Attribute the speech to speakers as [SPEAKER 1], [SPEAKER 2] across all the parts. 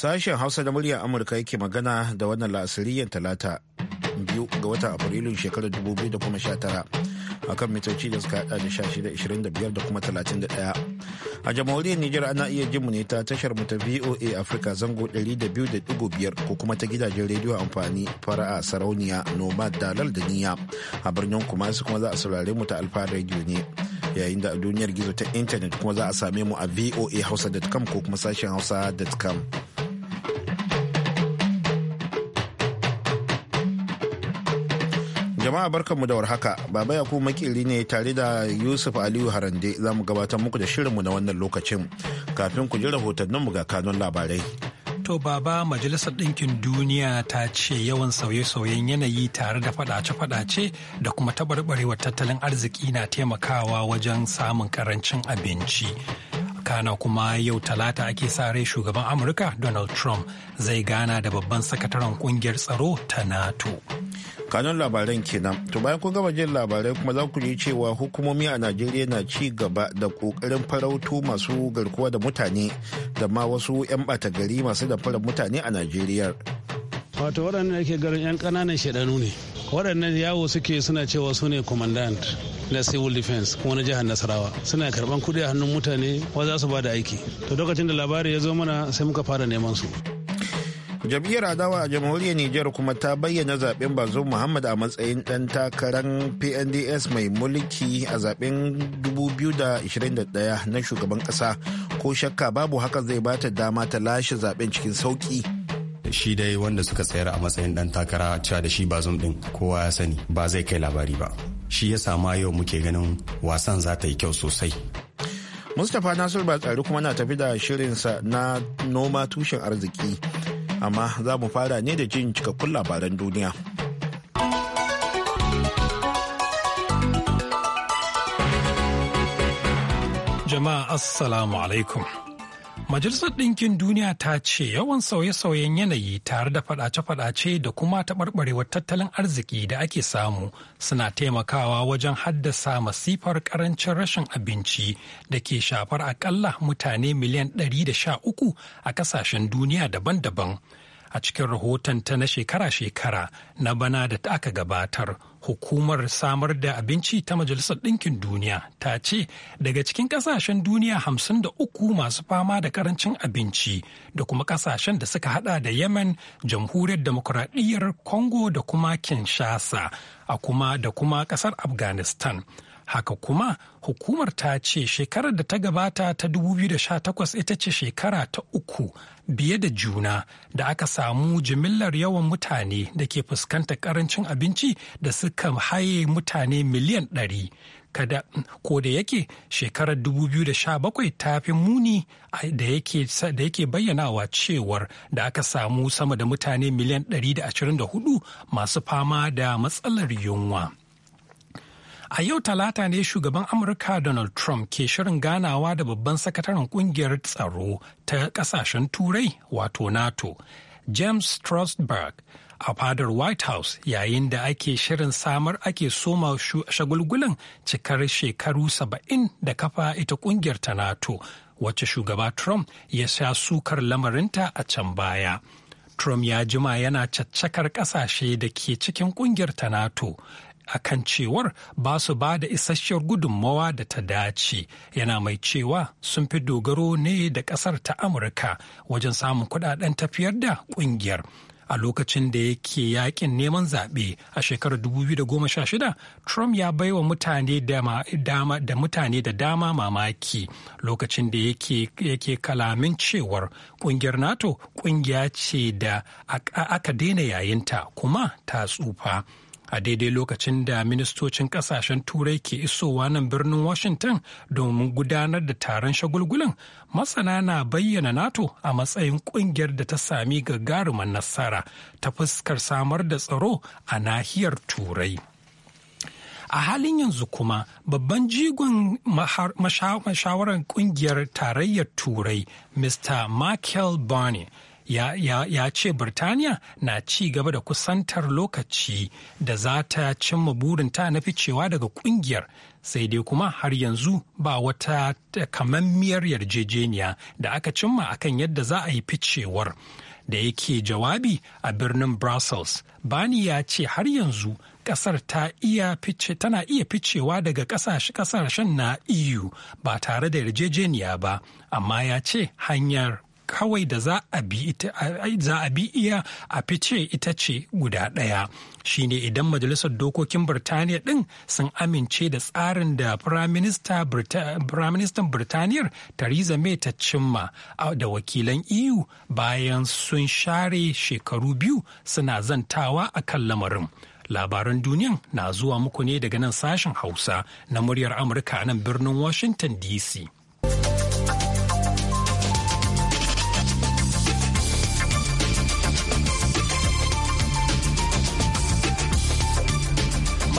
[SPEAKER 1] Sashen Hausa da muryar Amurka yake magana da wannan la'asiriyar talata biyu ga watan Afrilun shekarar 2019 kan mitoci da suka hada da 1625 da kuma 31. A jamhuriyar Nijar ana iya jin mu ne ta tashar mu ta VOA Africa zango 200.5 ko kuma ta gidajen rediyo amfani fara'a sarauniya nomad dalal da niya a birnin Kumasi kuma za a saurare mu ta alfa rediyo ne. yayin da a duniyar gizo ta intanet kuma za a same mu a voa hausa.com ko kuma sashen hausa.com. Jama'a barkanmu da warhaka, Baba Yakubu makili ne tare da Yusuf Aliyu Harande za mu gabatar muku da shirin mu na wannan lokacin kafin ku ji mu ga kanun labarai.
[SPEAKER 2] To baba Majalisar Ɗinkin Duniya ta ce yawan sauye-sauyen yanayi tare da fadace-fadace da kuma taɓarɓarewar tattalin arziki na taimakawa wajen samun karancin abinci. kana kuma yau talata ake sa rai shugaban amurka donald trump zai gana da babban sakataren kungiyar tsaro ta nato kanun labaran kenan
[SPEAKER 1] to bayan kun gama jin labarai kuma za ku ji cewa hukumomi a najeriya na ci gaba da kokarin farauto masu garkuwa da mutane da ma wasu 'yan bata gari masu da fara mutane a najeriya
[SPEAKER 3] wato waɗannan ake garin 'yan ƙananan shaɗanu ne waɗannan yawo suke suna cewa su ne commandant na civil defense kuma na jihar nasarawa suna karɓan kuɗi a hannun mutane wa za su ba da aiki to lokacin da labari ya zo mana sai muka fara
[SPEAKER 1] neman su jam'iyyar adawa a jamhuriyar niger kuma ta bayyana zaben bazon muhammad a matsayin dan takarar pnds mai mulki a zaben 2021 na shugaban kasa ko shakka babu haka zai bata dama ta lashe zaben cikin sauki
[SPEAKER 4] shi dai wanda suka tsayar a matsayin dan takara cewa da shi bazum din kowa ya sani ba zai kai labari ba shi ya sama yau muke ganin wasan za ta yi kyau sosai
[SPEAKER 1] mustapha nasiru ba tsari kuma na tafi da shirinsa na noma tushen arziki amma za mu fara ne da jin cikakkun labaran duniya.
[SPEAKER 2] Jama'a Assalamu alaikum. Majalisar Ɗinkin Duniya ta ce yawan sauye-sauyen yanayi tare da faɗace-faɗace da kuma taɓarɓarewar tattalin arziki da ake samu suna taimakawa wajen haddasa masifar ƙarancin rashin abinci da ke shafar aƙalla mutane miliyan 113 a ƙasashen duniya daban-daban. A cikin rahotonta na shekara-shekara na bana da aka gabatar. hukumar samar da abinci ta majalisar ɗinkin duniya ta ce daga cikin ƙasashen duniya hamsin da uku masu fama da karancin abinci da kuma ƙasashen da suka hada da yemen jamhuriyar demokuraɗiyyar congo da kuma kinshasa a kuma da kuma ƙasar afghanistan Haka kuma hukumar ta ce shekarar da ta gabata ta 2018 ita ce shekara ta uku biye da juna da aka samu jimillar yawan mutane da ke fuskantar karancin abinci da suka haye mutane miliyan 100. Kada ko da yake shekarar 2017 ta fi muni da yake bayyanawa cewar da aka samu sama da mutane miliyan 124 masu fama da matsalar yunwa. A yau talata ne shugaban Amurka Donald Trump ke shirin ganawa da babban sakataren kungiyar tsaro ta kasashen turai wato NATO, James Strasberg. a fadar White House yayin da ake shirin samar ake soma shagulgulan cikar shekaru saba'in da kafa ita kungiyar ta NATO wacce shugaba Trump ya sha sukar lamarinta a can baya. Trump ya jima yana caccakar kasashe da ke cikin kungiyar ta NATO akan cewar ba su ba da isasshiyar gudunmawa da ta dace yana mai cewa sun fi dogaro ne da ƙasar ta amurka wajen samun kudaden tafiyar da ƙungiyar a lokacin da yake yakin neman zaɓe a shekarar 2016 trump ya wa mutane da mutane da dama mamaki lokacin da yake kalamin cewar ƙungiyar nato ƙungiya ce da aka daina yayinta kuma ta tsufa a daidai lokacin da ministocin kasashen turai ke isowa nan birnin washington domin gudanar da taron shagulgulan masana na bayyana nato a matsayin kungiyar da ta sami gagarumar nasara ta fuskar samar da tsaro a nahiyar turai a halin yanzu kuma babban jigon mashawarar kungiyar tarayyar turai mr michael barney ya, ya, ya ce Birtaniya na ci gaba da kusantar lokaci da za ta cimma burinta na ficewa daga kungiyar sai dai kuma har yanzu ba wata kamammiyar yarjejeniya da aka cimma akan yadda za a yi ficewar. Da yake jawabi a birnin Brussels, Bani ya ce har yanzu kasar ta iya fice tana iya ficewa daga kasashen na EU ba tare da yarjejeniya ba, amma ya ce hanyar kawai da za a bi iya a fice ita ce guda ɗaya shine idan majalisar dokokin birtaniya ɗin sun amince da tsarin da firaministan birtaniyar theresa may ta cimma da wakilan eu bayan sun share shekaru biyu suna zantawa a kan lamarin labaran duniyan na zuwa muku ne daga nan sashen hausa na muryar amurka nan birnin washington dc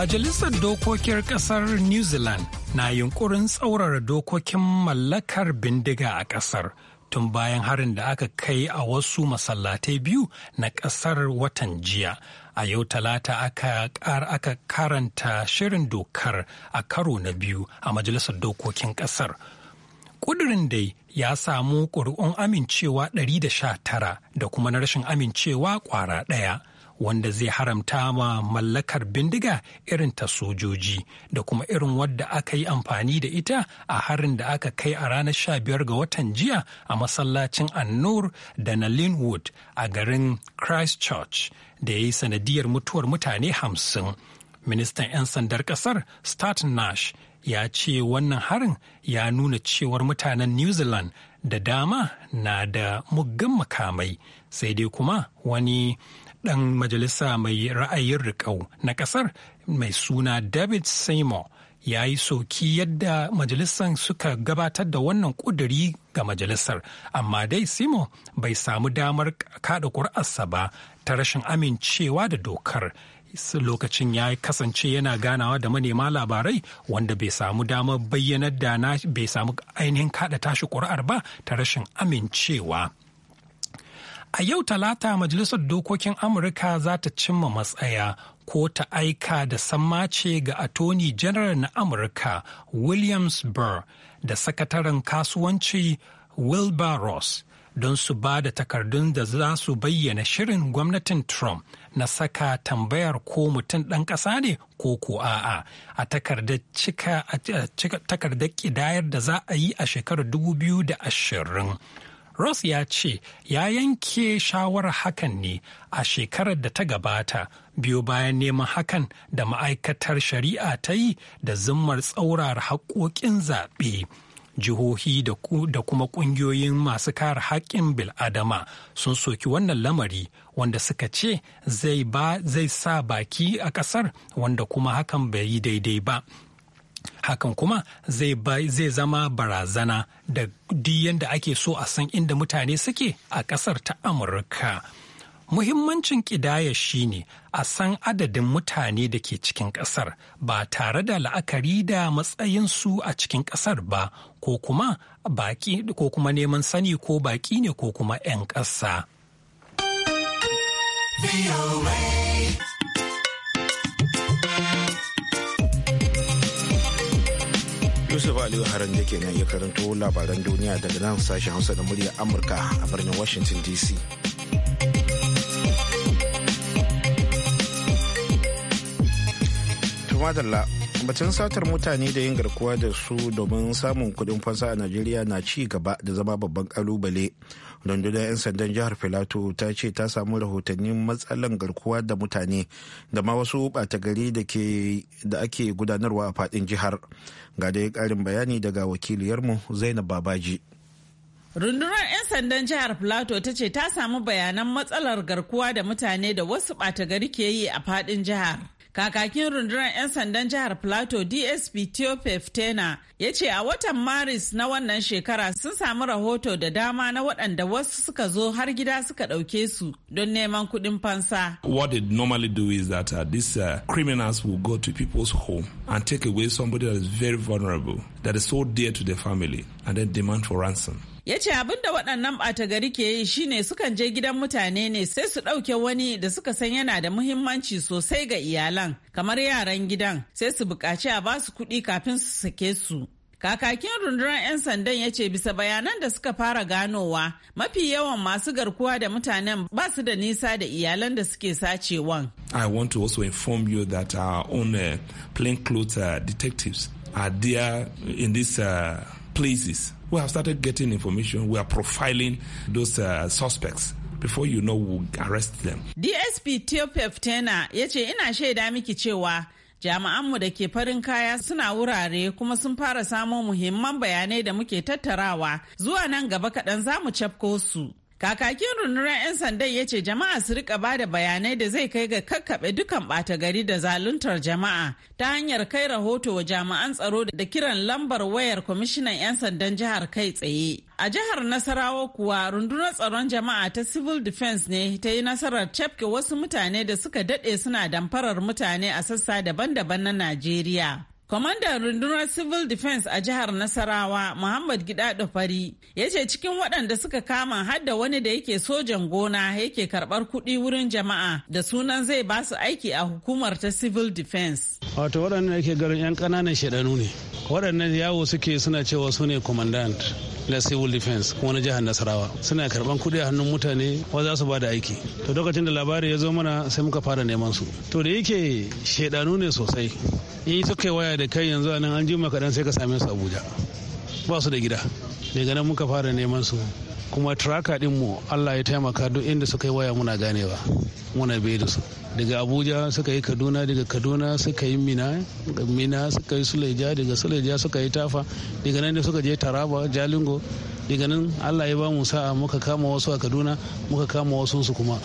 [SPEAKER 2] Majalisar Dokokin Ƙasar New Zealand na yunkurin tsaurara dokokin mallakar bindiga a ƙasar tun bayan harin da aka kai a wasu masallatai biyu na ƙasar watan jiya. A yau talata aka, aka karanta shirin dokar a karo na biyu a Majalisar Dokokin ƙasar. Ƙudurin dai ya samu ƙuri'un amincewa 119 da kuma na rashin amincewa ƙwara ɗaya. wanda zai haramta ma mallakar bindiga irin ta sojoji da kuma irin wadda aka yi amfani da ita a harin da aka kai a ranar 15 ga watan jiya a masallacin annur da na linwood a garin christchurch da ya yi sanadiyar mutuwar mutane hamsin ministan 'yan sandar kasar stat nash ya ce wannan harin ya nuna cewar mutanen new zealand da dama na da muggan makamai sai dai kuma wani ɗan majalisa mai ra'ayin riƙau na ƙasar mai suna david seymour ya yi soki yadda majalisar suka gabatar da wannan ƙuduri ga majalisar amma dai seymour bai samu damar kada ƙuri'arsa ba ta rashin amincewa da dokar lokacin ya kasance yana ganawa da manema labarai wanda bai samu damar bayyanar da na bai samu ainihin kada tashi ƙuri'ar ba ta rashin amincewa A yau talata Majalisar Dokokin Amurka za ta cimma matsaya ko ta aika da sammace ga Atoni General na Amurka Williams Burr da Sakataren Kasuwanci Wilbur Ross don su ba da takardun da za su bayyana shirin gwamnatin Trump na saka tambayar ko mutum ɗan ƙasa ne ko ko a'a a takardar kidayar ƙidayar da za a yi a shekarar 2020. Ross ya ce ya yanke shawarar hakan ne a shekarar da ta gabata biyo bayan neman hakan da ma'aikatar shari'a ta yi da zimmar tsaurar haƙoƙin zaɓe. Jihohi da kuma ƙungiyoyin masu kare haƙƙin bil'adama sun soki wannan lamari wanda suka ce zai sa baki a ƙasar wanda kuma hakan bai yi daidai ba. hakan kuma zai zama barazana da yadda ake so a san inda mutane suke a ƙasar ta amurka muhimmancin ƙidaya shine a san adadin mutane da ke cikin ƙasar ba tare da la'akari da matsayinsu a cikin ƙasar ba ko kuma ko kuma neman sani ko baƙi ne ko kuma 'yan ƙasa.
[SPEAKER 1] Yusuf Aliyu Haran da ke nan ya karanto labaran duniya daga nan sashen Hausa da muryar Amurka a birnin Washington DC. Tumadalla batun satar mutane da yin garkuwa da su domin samun kudin fasa a Najeriya na ci gaba da zama babban kalubale rundunar 'yan sandan jihar filato ta ce ta samu rahotannin matsalan garkuwa da mutane da ma wasu bata gari da ake gudanarwa a fadin jihar ga dai karin bayani daga wakiliyarmu zainab babaji
[SPEAKER 5] Rundunar 'yan sandan jihar filato ta ce ta samu bayanan matsalar garkuwa da mutane da wasu bata gari ke yi a fadin jihar. Kakakin rundunar 'yan sandan jihar plato DSP Tiope tena ya ce a watan Maris na wannan shekara sun samu rahoto da dama na waɗanda wasu suka zo har gida suka ɗauke su don neman kuɗin fansa.
[SPEAKER 3] What they normally do is that uh, these uh, criminals will go to people's home and take away
[SPEAKER 2] somebody that is very vulnerable, that is so dear to their family, and then demand for ransom.
[SPEAKER 5] ya ce abin da waɗannan ɓata gari ke yi shine sukan je gidan mutane ne sai su ɗauke wani da suka san yana da muhimmanci sosai ga iyalan kamar yaran gidan sai su buƙaci a ba su kuɗi kafin su sake su kakakin rundunar 'yan sandan ya ce bisa bayanan da suka fara ganowa mafi yawan masu garkuwa da mutanen ba su da nisa da iyalan da suke sacewan
[SPEAKER 2] i want to also inform you that our own uh, clothes uh, detectives are there in these uh, places we have started getting information. We are profiling those uh, suspects. before you know we'll arrest them.
[SPEAKER 5] DSP Teopef Tena ya ce ina shaida miki cewa jami'anmu da ke farin kaya suna wurare kuma sun fara samo muhimman bayanai da muke tattarawa zuwa nan gaba kaɗan za mu cafko su. Kakakin rundunar 'yan sandan ya ce jama'a su rika ba da bayanai da zai kai ga kakkaɓe dukan ɓata gari da zaluntar jama'a ta hanyar kai rahoto wa jami'an tsaro da kiran lambar wayar kwamishinan 'yan sandan jihar kai tsaye. A jihar Nasarawa kuwa rundunar tsaron jama'a ta Civil Defense ne ta yi nasarar cafke wasu mutane da suka daɗe suna damfarar mutane a sassa daban-daban na Najeriya. Kwamandan rundunar Civil Defense a jihar Nasarawa, Muhammad gida dufari ya ce cikin waɗanda suka kama hadda wani da yake sojan gona yake karɓar kuɗi wurin jama'a da sunan zai ba su aiki a hukumar ta Civil Defense.
[SPEAKER 3] Wato waɗannan yake garin 'yan ƙananan shaɗanu ne. Waɗannan yawo suke suna cewa su ne Kwamandan na civil defense kuma jihar Nasarawa. Suna karɓan kuɗi a hannun mutane wa za su ba da aiki. To lokacin da labari ya zo mana sai muka fara neman su. To da yake shaɗanu ne sosai. yi suka yi waya da kai yanzu a nan an jima kaɗan sai ka same su abuja ba su da gida daga nan muka fara neman su kuma traka din mu allah ya taimaka duk inda suka yi waya muna ganewa muna bai da su daga abuja suka yi kaduna daga kaduna suka yi mina mina suka yi suleja daga suleja suka yi tafa daga nan da suka je taraba jalingo daga nan allah ya ba mu sa'a muka kama wasu a kaduna muka kama wasu su kuma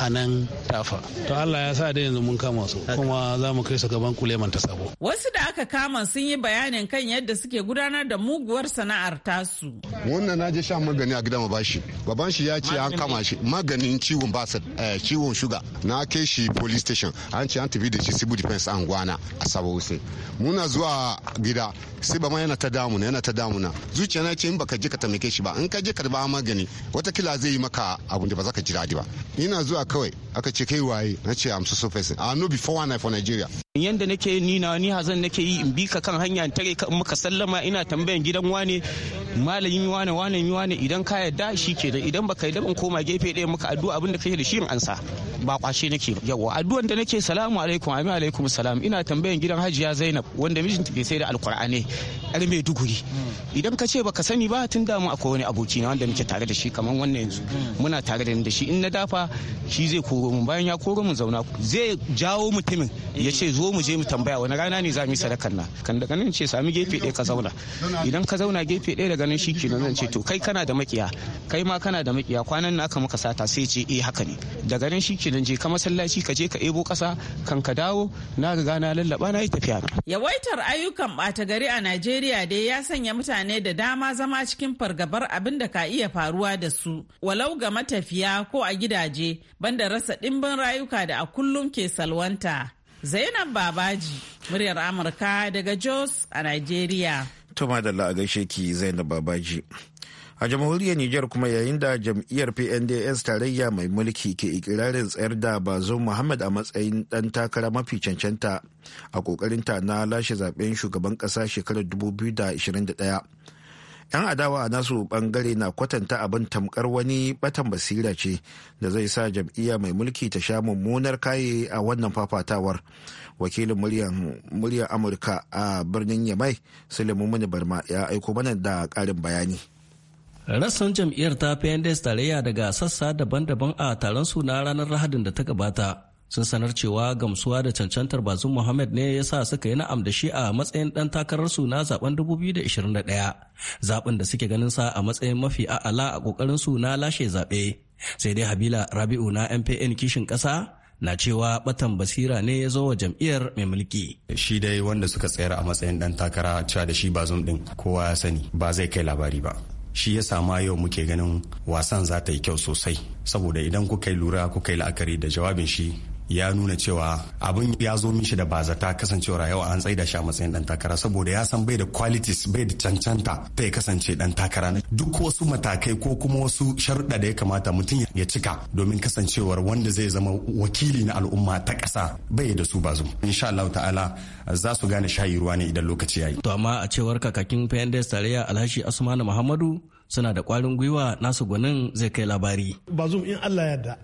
[SPEAKER 3] a nan tafa to Allah ya sa da yanzu mun kama su kuma za mu kai su gaban kuleman ta sabo
[SPEAKER 5] wasu da aka kama sun yi bayanin kan yadda suke gudanar da muguwar sana'ar tasu
[SPEAKER 6] wannan na je sha magani a gidan bashi baban shi ya ce an kama shi maganin ciwon basa eh, ciwon shuga na kai shi police station an ce an tafi da shi civil defense an gwana a sabo sai muna zuwa gida sai ba ma yana ta damuna yana ta damuna zuciya na ce in baka je ka tamake shi ba in ka je ka ba magani watakila zai yi maka abin da ba za ka ji daɗi ba ina zuwa kawai aka ce kai waye na ce am so person i know before one for nigeria
[SPEAKER 4] yanda nake ni na ni hazan nake yi in bi ka kan hanya in tare ka in muka sallama ina tambayan gidan wane malami wane wane mi wane idan ka yarda shi ke da idan baka yadda ban koma gefe ɗaya maka addu'a abin da kake da shi in ansa ba kwashe nake ba yawa addu'an da nake salamu alaikum amin alaikum salam ina tambayan gidan hajiya zainab wanda mijinta ke sai da alkur'ani yar mai duguri idan ka ce baka sani ba tun damu akwai wani aboki na wanda muke tare da shi kamar wannan yanzu muna tare da da shi in na dafa shi zai koro mu bayan ya koro mu zauna zai jawo mutumin ya ce zo mu je mu tambaya wani rana ne za mu yi sadakar na kan daga nan ce sami gefe ɗaya ka zauna idan ka zauna gefe ɗaya daga ganin shi kenan zan ce to kai kana da makiya kai ma kana da makiya kwanan na aka maka sata sai ce eh haka ne da ganin shi kenan je ka masallaci ka je ka ebo kasa kan ka dawo na ga na lallaba na yi tafiya
[SPEAKER 5] yawaitar ayyukan bata gari a Najeriya dai ya sanya mutane da dama zama cikin fargabar abin da ka iya faruwa da su walau ga matafiya ko a gidaje banda rasa dimbin rayuka da a kullum ke salwanta Zainab Babaji, muryar Amurka daga Jos a Najeriya.
[SPEAKER 1] Tuma da la'a gaishe ki Zainab Babaji. a jamhuriyar Nijar kuma yayin da jam'iyyar PNDS tarayya mai mulki ke ikirarin tsayar da bazo Muhammad a matsayin dan takara mafi cancanta a kokarinta na lashe zaben shugaban kasa shekarar 2021. 'Yan adawa a nasu bangare na kwatanta abin tamkar wani batan basira ce da zai sa jam'iyya mai mulki ta sha mummunar kaye a wannan fafatawar wakilin muryar amurka a birnin yamai sulemu mani barma ya aiko mana da karin bayani
[SPEAKER 4] rassan jam'iyyar ta pnds tarayya daga sassa daban-daban a taron su na ranar lahadin da ta gabata sun sanar cewa gamsuwa da cancantar bazin muhammad ne ya sa suka yi na'am da shi a matsayin dan takarar su na zaben 2021 zaben da suke ganin sa a matsayin mafi a'ala a kokarin su na lashe zaɓe sai dai habila rabi'u na mpn kishin kasa. na cewa batan basira ne ya zo wa jam'iyyar mai mulki. Shi dai wanda suka tsayar a matsayin dan takara cewa da shi ba zum din kowa ya sani ba zai kai labari ba. Shi ya sama yau muke ganin wasan za ta yi kyau sosai saboda idan kuka yi lura kuka yi la'akari da jawabin shi ya nuna cewa abin ya zo mishi da bazata kasancewar yau an tsaida shi a matsayin dan takara saboda ya san bai da qualities bai da cancanta ta ya kasance dan takara duk wasu matakai ko kuma wasu sharuɗa da ya kamata mutum ya cika domin kasancewar wanda zai zama wakili na al'umma ta ƙasa bai da su bazu insha Allah ta'ala za su gane shayi ruwa ne idan lokaci yayi to amma a cewar kakakin Fendes tarayya Alhashi Asmanu Muhammadu suna da kwarin gwiwa nasu gwanin zai kai labari
[SPEAKER 3] bazum in Allah yarda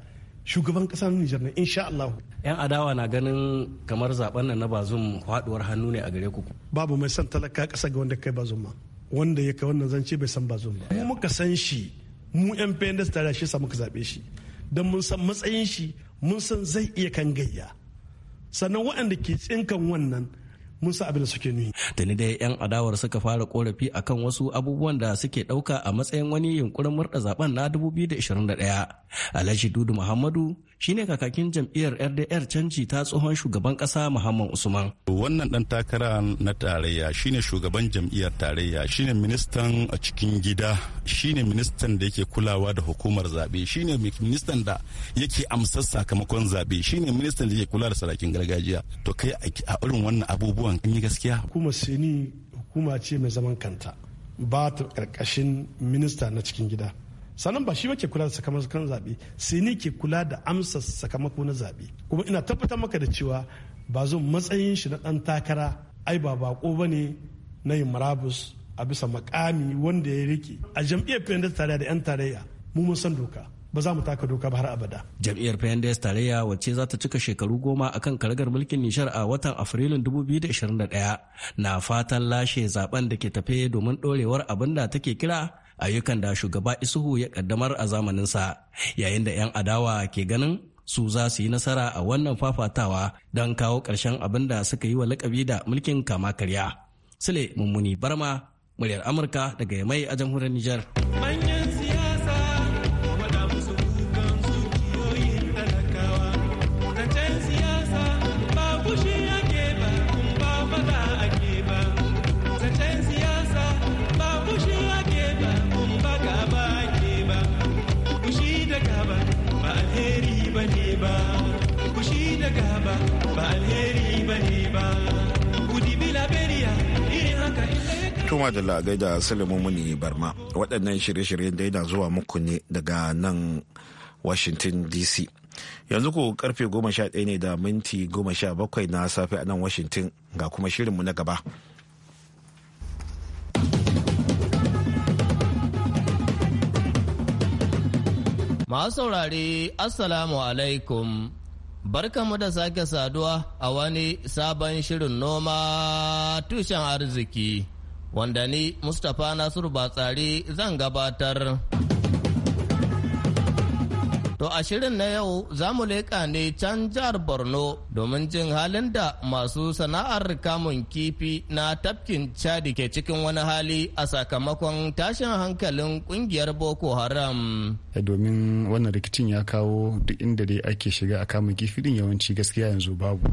[SPEAKER 3] shugaban kasar Nijar ne insha Allah.
[SPEAKER 4] Yan adawa na ganin kamar zaben nan na bazum faduwar hannu ne a gare ku.
[SPEAKER 3] Babu mai san talaka kasa ga wanda kai bazum ma. Wanda ya kai wannan zance bai san bazum ba. Mu muka san shi mu yan PNDS tare shi sa muka zabe shi. Dan mun san matsayin shi mun san zai iya kan gayya. Sannan waɗanda ke tsinkan wannan mun san abin da suke nuni.
[SPEAKER 4] Tuni dai 'yan adawar suka fara korafi akan wasu abubuwan da suke ɗauka a matsayin wani yunkurin murɗa zaben na 2021. Alhaji Dudu Muhammadu shine kakakin jam'iyyar rdr canji ta tsohon shugaban kasa muhammad usman wannan dan takara na tarayya shine shugaban jam'iyyar tarayya shine ministan a cikin gida shine ministan da yake kulawa da hukumar zabe shine ministan da yake amsar sakamakon zabe shine ministan da yake kula da sarakin gargajiya to kai a irin wannan abubuwan kan yi gaskiya
[SPEAKER 3] Hukuma seni hukuma ce mai zaman kanta ba ta karkashin minista na cikin gida sannan ba shi ba ke kula da sakamakon zaɓe sai ni ke kula da amsa sakamako na zaɓe kuma ina tabbatar maka da cewa ba zo matsayin shi na ɗan takara ai ba bako ba ne na yin marabus a bisa makami wanda ya rike a jam'iyyar pnd tarayya da 'yan tarayya mu mun san doka ba za mu taka doka ba har abada.
[SPEAKER 4] Jam'iyyar pnd tarayya wacce za ta cika shekaru goma a kan karagar mulkin Nishar a watan Afrilun 2021 na fatan lashe zaben da ke tafe domin dorewar abin da take kira ayyukan da shugaba isuhu ya kaddamar a zamaninsa yayin da 'yan adawa ke ganin su za su yi nasara a wannan fafatawa don kawo ƙarshen abin da suka yi wa lakabi da mulkin kama karya sule mummuni barma muryar amurka daga yamai a jamhuriyar nijar.
[SPEAKER 1] madalla gaida salimu Muni Barma. Waɗannan shirye-shiryen da yana zuwa muku ne daga nan Washington DC. Yanzu ku karfe goma sha ɗaya ne da minti goma sha bakwai na safe a nan Washington ga kuma shirinmu na gaba.
[SPEAKER 7] Masu saurare, Assalamu alaikum. Barkanmu da sake saduwa a wani sabon shirin noma tushen arziki wanda ni Mustapha Nasiru Batsari zan gabatar. To a shirin na yau za mu leƙa ne can jihar Borno domin jin halin da masu sana'ar kamun kifi na tafkin Chadi ke cikin wani hali a sakamakon tashin hankalin kungiyar Boko
[SPEAKER 6] Haram. Eh, domin wannan rikicin ya kawo duk inda dai ake shiga a kamun kifi din yawanci gaskiya yanzu babu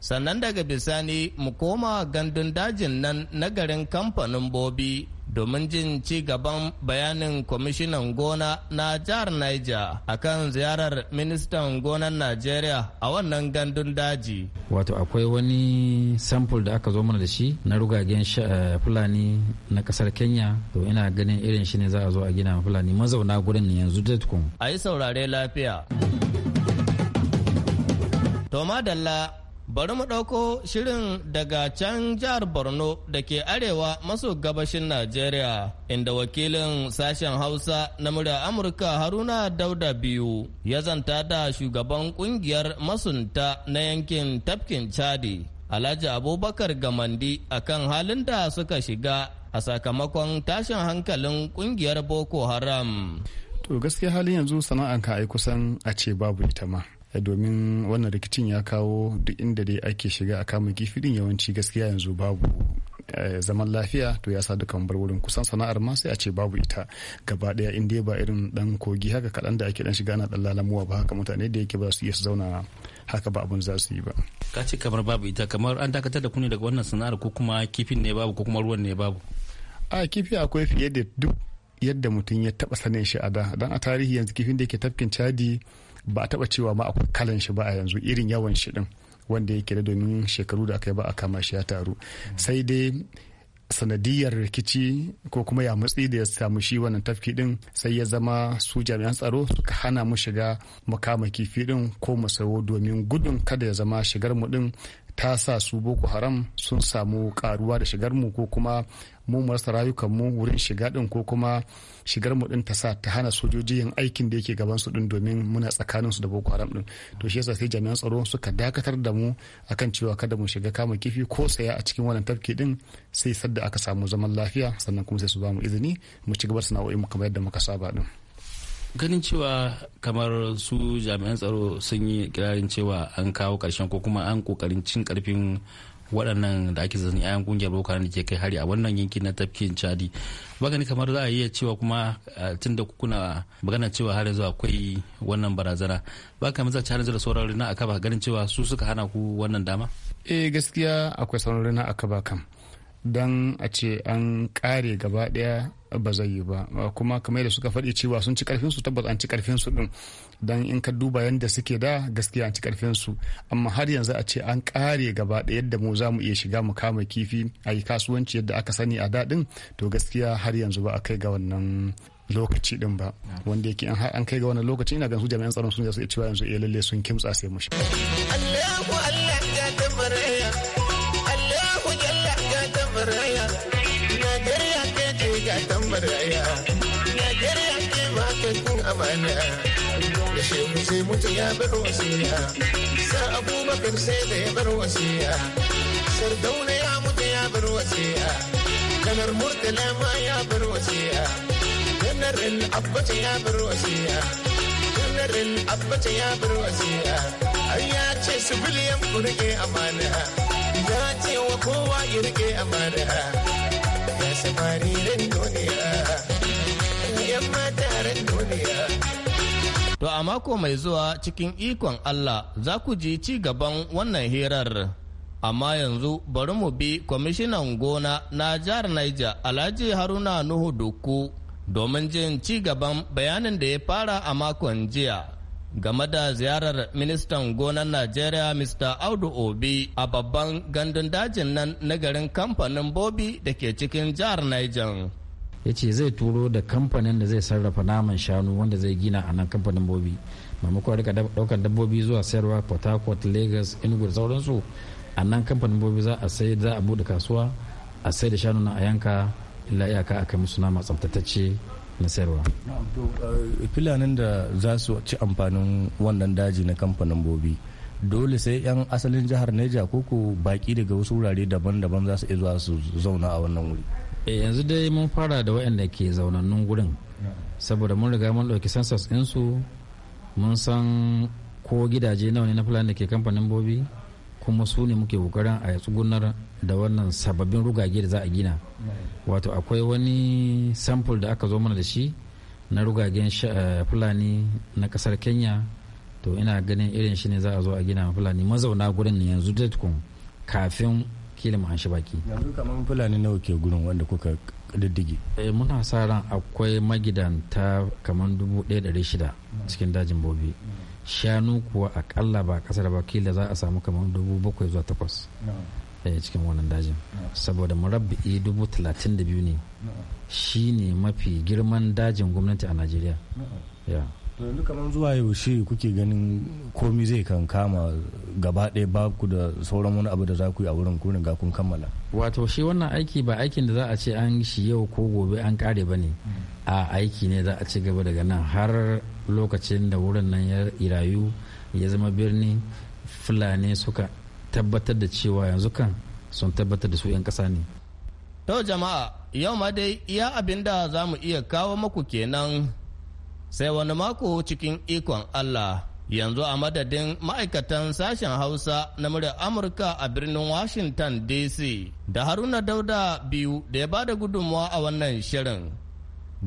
[SPEAKER 7] sannan daga bisani mu koma gandun dajin nan na garin kamfanin bobi domin jin ci gaban bayanin kwamishinan gona na jihar Niger akan ziyarar ministan gonan nigeria a wannan gandun daji.
[SPEAKER 8] Wato akwai wani sample da aka zo mana da shi na rugagen eh, Fulani na kasar Kenya to ina ganin irin shi ne za a zo a gina Fulani mazauna gurin ne yanzu da
[SPEAKER 7] A yi saurare lafiya. Toma Dalla bari mu ɗauko shirin daga can jihar borno da ke arewa maso gabashin najeriya inda wakilin sashen hausa na murya amurka haruna dauda biyu ya zanta da shugaban kungiyar masunta na yankin tafkin chadi alhaji abubakar gamandi a kan halin da suka shiga a sakamakon tashin hankalin kungiyar boko haram
[SPEAKER 6] to gaskiya halin yanzu sana'anka ai kusan a ce babu ita ma Eh, domin wannan rikicin ya kawo duk inda dai ake shiga a kama kifi din yawanci gaskiya yanzu babu eh, zaman lafiya to ya sa dukan bar wurin kusan sana'ar ma sai a ce babu ita gaba daya in dai ba irin dan kogi haka kadan da ake dan shiga na dan lalamuwa ba haka mutane da yake ba su iya su zauna haka ba abun za su yi ba
[SPEAKER 3] ka ce kamar babu ita kamar an dakatar da ku ne daga wannan sana'ar ko kuma kifin ne babu ko kuma ruwan ne babu
[SPEAKER 6] a kifi akwai fiye da duk yadda mutum ya taba sanin shi a da dan a tarihi yanzu kifin da yake tafkin cadi ba a taba cewa ma akwai kalan shi ba a yanzu irin yawan shi din wanda yake da domin shekaru da aka yi ba a kama shi ya taru sai dai sanadiyar rikici ko kuma ya matsi da ya samu shi wannan tafki din sai ya zama su jami'an tsaro suka hana mu shiga mu kama kifi din ko mu sayo domin gudun kada ya zama shigar mu din ta sa su boko haram sun samu karuwa da shigar mu ko kuma mu marasa rayukan mu wurin shiga din ko kuma shigar mu din ta sa ta hana sojoji yin aikin da yake gaban su din domin muna tsakanin su da boko haram din to shi yasa sai jami'an tsaro suka dakatar da mu akan cewa kada mu shiga kama kifi ko saya a cikin wannan tafki din sai sadda aka samu zaman lafiya sannan kuma sai su ba mu izini mu ci gaba da sana'o'in mu kamar yadda muka saba din
[SPEAKER 3] ganin cewa kamar su jami'an tsaro sun yi kirarin cewa an kawo karshen ko kuma an kokarin cin karfin waɗannan da ake zazzani ayan kungiyar boko haram da ke kai hari a wannan yankin na tafkin chadi magani kamar za a iya cewa kuma tun da kuna magana cewa har yanzu akwai wannan barazana ba kamar za a ci da sauran rina akaba ba ganin
[SPEAKER 6] cewa su suka hana ku wannan dama eh gaskiya akwai sauran rina akaba ba kam dan a ce an kare gaba daya ba zai yi ba kuma kamar da suka faɗi cewa sun ci karfin su tabbas an ci karfin su din dan in ka duba yadda suke da gaskiya an ci karfin su amma har yanzu a ce an kare gaba da yadda mu za mu iya shiga mu kama kifi a yi kasuwanci yadda aka sani a daɗin to gaskiya har yanzu ba a kai ga wannan lokaci din ba wanda yake an kai ga wannan lokaci ina ganin su jami'an tsaron sun ya su cewa yanzu iya eh, lalle sun kimtsa sai mushi.
[SPEAKER 7] Allahu Sai mutu ya bar wasiya sa abubakar sai da ya bar wasiya sardauna ya mutu ya bar wasiya kanar murtala ma ya bar wasiya kanar abbata ya bar wasiya kanar abbata ya bar wasiya ai ya ce su biliyan ku rike amana ya ce wa kowa ya rike amana ya samari ran duniya yan mata ran duniya To a mako mai zuwa cikin ikon Allah za ku ji ci gaban wannan hirar. Amma yanzu bari mu bi kwamishinan gona na jihar Niger Alhaji Haruna Nuhu Doku domin jin ci gaban bayanin da ya fara a makon jiya. game da ziyarar ministan gonar Najeriya Mr. Audu Obi a babban gandun dajin nan na garin kamfanin Bobi da ke cikin jihar Niger.
[SPEAKER 8] ya ce zai turo da kamfanin da zai sarrafa naman shanu wanda zai gina a nan kamfanin bobi maimakon rika daukar dabbobi zuwa sayarwa port harcourt lagos enugu da sauransu a nan kamfanin bobi za a sai za a bude kasuwa a sai da shanu na a yanka illa iyaka a kai musu nama tsaftatacce na sayarwa
[SPEAKER 4] eh, filanin da za su ci amfanin wannan daji na kamfanin bobi
[SPEAKER 8] dole sai 'yan asalin jihar neja koko baki daga wasu wurare daban-daban za su iya zuwa su zauna a wannan wuri Eh, yanzu dai mun fara da waɗanda ke zaunannun gurin saboda mun riga mun ɗauki census ɗinsu mun san ko gidaje nawa ne na fulani da ke kamfanin bobi kuma su ne muke kokarin a tsugunar da wannan sababbin rugage da za a gina wato akwai wani sample da aka zo mana da shi na rugagen eh, fulani na kasar kenya to ina ganin irin shi ne za a zo a gina fulani mazauna gurin ne yanzu tukun kafin kila mu hanshi baki yanzu kamar fulani nawa ke gurin wanda kuka diddige eh muna sa ran akwai magidanta kamar 1600 cikin dajin bobi shanu kuwa akalla ba kasar ba kila za a samu kamar 7,000 zuwa 8,000 eh, cikin wannan dajin saboda dubu 32 ne shine ne mafi girman dajin gwamnati a najeriya
[SPEAKER 4] yanzu kamar zuwa yaushe kuke ganin komi zai kan kama gaba ɗaya ba ku da sauran wani abu da za ku yi a wurin kurin ga kun kammala
[SPEAKER 8] wato shi wannan aiki ba aikin da za a ce an shi yau ko gobe an kare ba ne a aiki ne za a ci gaba daga nan har lokacin da wurin nan ya rayu ya zama birni fulani suka tabbatar da cewa yanzu kan sun tabbatar da su 'yan kasa ne
[SPEAKER 7] to jama'a yau ma dai iya abin da za mu iya kawo maku kenan sai wani mako cikin ikon Allah. Yanzu a madadin ma'aikatan sashen Hausa na muryar Amurka a birnin Washington DC da Haruna Dauda biyu da ya bada gudunmawa a wannan shirin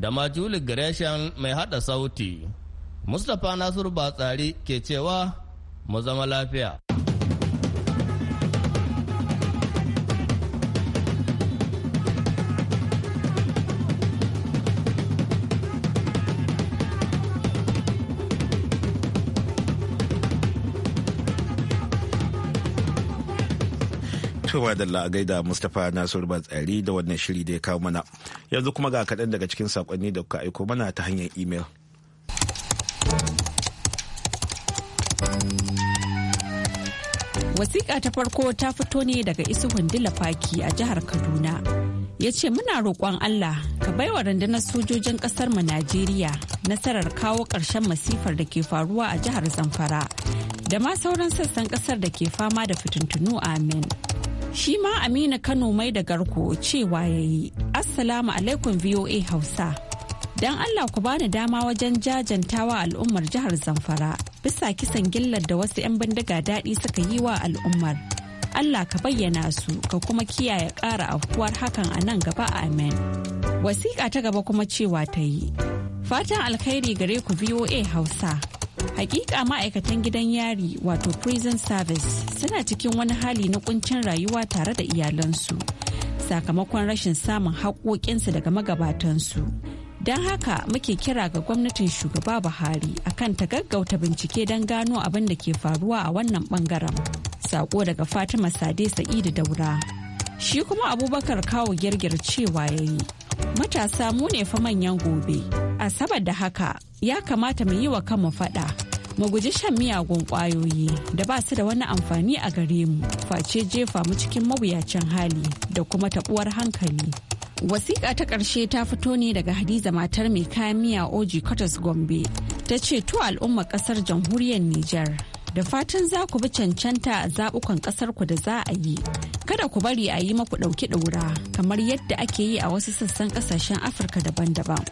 [SPEAKER 7] da ma Julie Gresham mai hada sauti. Mustapha Nasiru Batsari ke cewa mu zama lafiya.
[SPEAKER 1] Tuba da la'agai da Mustapha Nasiru Batsari da wannan shiri da ya kawo mana. Yanzu kuma ga kaɗan daga cikin saƙonni da kuka aiko mana ta hanyar imel.
[SPEAKER 9] Wasiƙa ta farko ta fito ne daga Isuhun dilapaki a jihar Kaduna. Ya ce muna roƙon Allah ka baiwa rundunar sojojin ƙasar mu Najeriya nasarar kawo ƙarshen masifar da ke faruwa a jihar Zamfara da ma sauran sassan ƙasar da ke fama da fitintunu amin. Shi ma Amina Kano mai da garko cewa ya yi, Assalamu alaikum VOA Hausa. Don Allah ku bani dama wajen jajantawa al'ummar jihar Zamfara bisa kisan gillar da wasu 'yan bindiga daɗi suka yi wa al'ummar. Allah ka bayyana su ka kuma kiyaye ƙara afkuwar hakan a nan gaba amen. Wasiƙa ta gaba kuma cewa ta yi. Fatan alkhairi gare ku VOA Hausa. Hakika ma'aikatan gidan yari wato prison service suna cikin wani hali na kuncin rayuwa tare da iyalansu sakamakon rashin samun haƙoƙinsu daga magabatansu. Don haka muke kira ga gwamnatin shugaba Buhari akan ta gaggauta bincike don gano abin da ke faruwa a wannan ɓangaren Sako daga Fatima Sade Sa'idu Daura. Shi kuma Abubakar kawo girgir cewa ya yi. Matasa mu ne fa manyan gobe. A da haka ya kamata mu yi wa kanmu faɗa. mu guji shan miyagun kwayoyi da ba su da wani amfani a gare mu face jefa mu cikin mawuyacin hali da kuma tabuwar hankali wasiƙa ta ƙarshe ta fito ne daga hadiza matar mai kayan miya oji kotas gombe ta ce to al'umma ƙasar jamhuriyar Nijar. da fatan za ku bi cancanta a zaɓukan ku da za a yi kada ku bari a yi maku ɗauki ɗaura kamar yadda ake yi a wasu sassan ƙasashen afirka daban-daban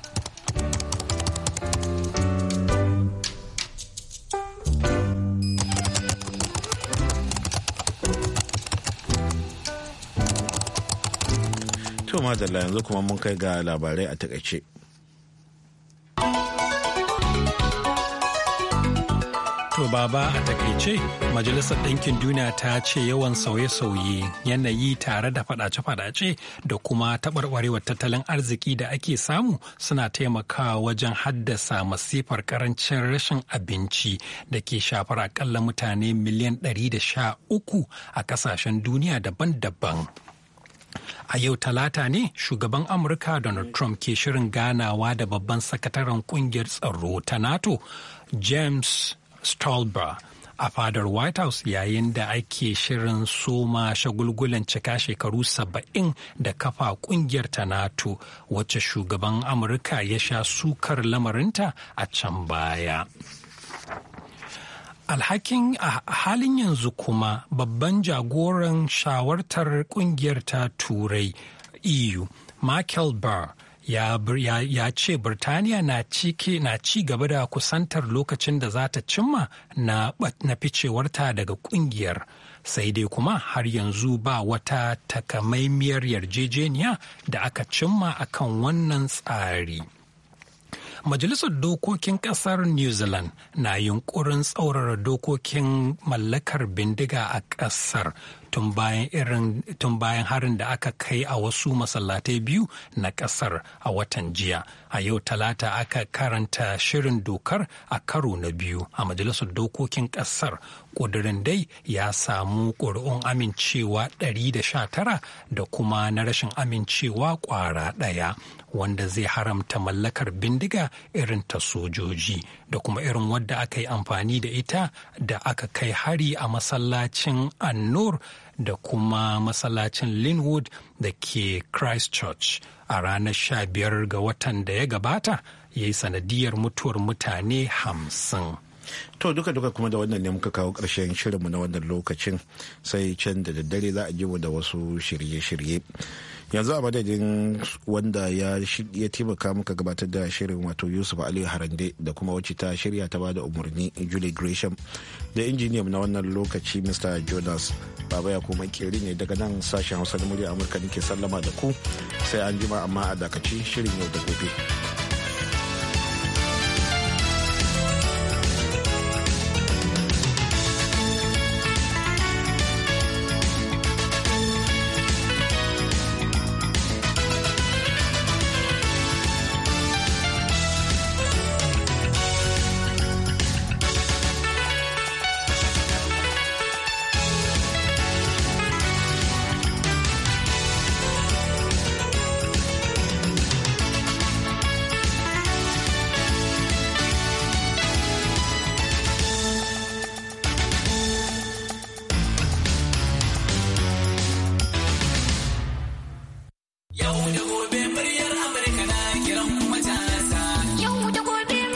[SPEAKER 1] to madalla yanzu kuma mun kai ga labarai a takaice
[SPEAKER 2] Baba a takaice Majalisar Ɗinkin Duniya ta ce yawan sauye-sauye yanayi tare da fadace-fadace da kuma taɓarɓarewar tattalin arziki da ake samu suna taimakawa wajen haddasa masifar karancin rashin abinci da ke shafar akalla mutane miliyan 113 a ƙasashen duniya daban-daban. A yau talata ne shugaban Amurka Donald Trump ke shirin ganawa da babban sakataren kungiyar tsaro ta NATO James Stolber a fadar White House yayin da ake shirin soma shagulgulan cika shekaru saba'in da kafa kungiyar ta NATO wacce shugaban Amurka ya sha sukar lamarinta a can baya. alhakin a halin yanzu kuma babban jagoran shawartar kungiyar ta turai eu michael barr ya, ya, ya ce Birtaniya na cike na ci gaba da kusantar lokacin da za ta cimma na, na ficewarta daga kungiyar sai dai kuma har yanzu ba wata takamaimiyar yarjejeniya da aka cimma akan wannan tsari. Majalisar Dokokin Ƙasar New Zealand na yunkurin tsaurara dokokin mallakar bindiga a ƙasar tun bayan harin da aka kai a wasu masallatai biyu na kasar a watan jiya a yau talata aka karanta shirin dokar a karo na biyu a majalisar dokokin kasar ƙudurin dai ya samu ƙuri'un amincewa 119 da kuma na rashin amincewa ƙwara ɗaya wanda zai haramta mallakar bindiga irin ta sojoji da kuma irin wadda aka yi amfani da ita da aka kai hari a masallacin annur da kuma masallacin linwood da ke christchurch a ranar 15 ga watan da ya gabata ya yi sanadiyar mutuwar mutane hamsin.
[SPEAKER 1] To duka duka kuma da wannan ne muka kawo ƙarshen shirinmu na wannan lokacin sai can da daddare za a ji mu da wasu shirye-shirye. yanzu a madadin wanda ya taimaka muka gabatar da shirin wato yusuf ali harande da kuma wacce ta shirya ta bada umarni julie gresham da injiniyam na wannan lokaci mr jonas baba ya kuma keri ne daga nan sashen hausa da murya amurka nike sallama da ku sai an jima amma a dakaci shirin yau da gobe.